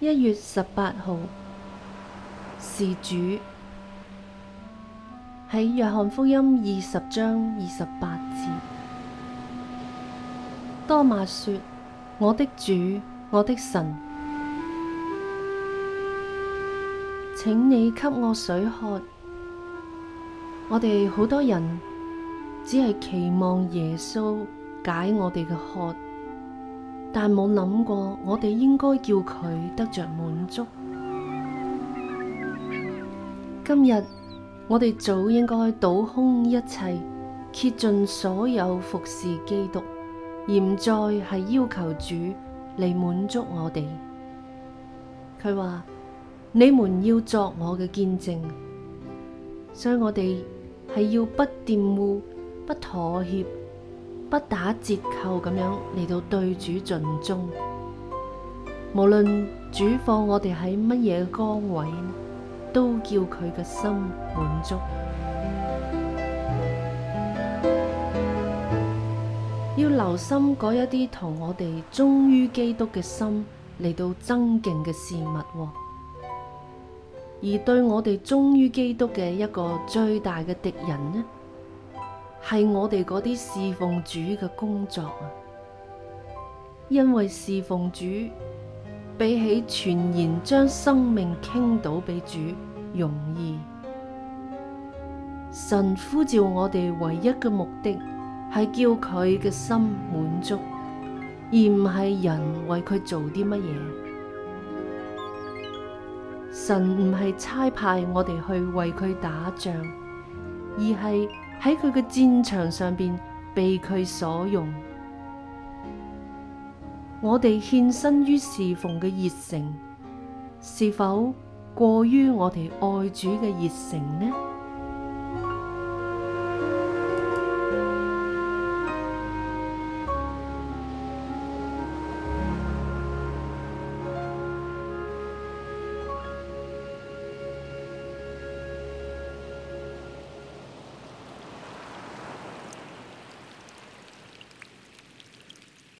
一月十八號，事主喺《在約翰福音》二十章二十八節，多馬說：我的主，我的神，請你給我水喝。我哋好多人只係期望耶穌解我哋嘅渴。但冇諗過我，我哋應該叫佢得着滿足。今日我哋早應該倒空一切，竭盡所有服侍基督，而唔再係要求主嚟滿足我哋。佢話：你們要作我嘅見證，所以我哋係要不玷污，不妥協。不打折扣咁樣嚟到對主盡忠，無論主放我哋喺乜嘢崗位，都叫佢嘅心滿足。要留心嗰一啲同我哋忠於基督嘅心嚟到爭競嘅事物，而對我哋忠於基督嘅一個最大嘅敵人呢？係我哋嗰啲侍奉主嘅工作，因為侍奉主比起全然將生命傾倒俾主容易。神呼召我哋唯一嘅目的係叫佢嘅心滿足，而唔係人為佢做啲乜嘢。神唔係差派我哋去為佢打仗，而係。喺佢嘅戰場上邊被佢所用，我哋獻身於侍奉嘅熱誠，是否過於我哋愛主嘅熱誠呢？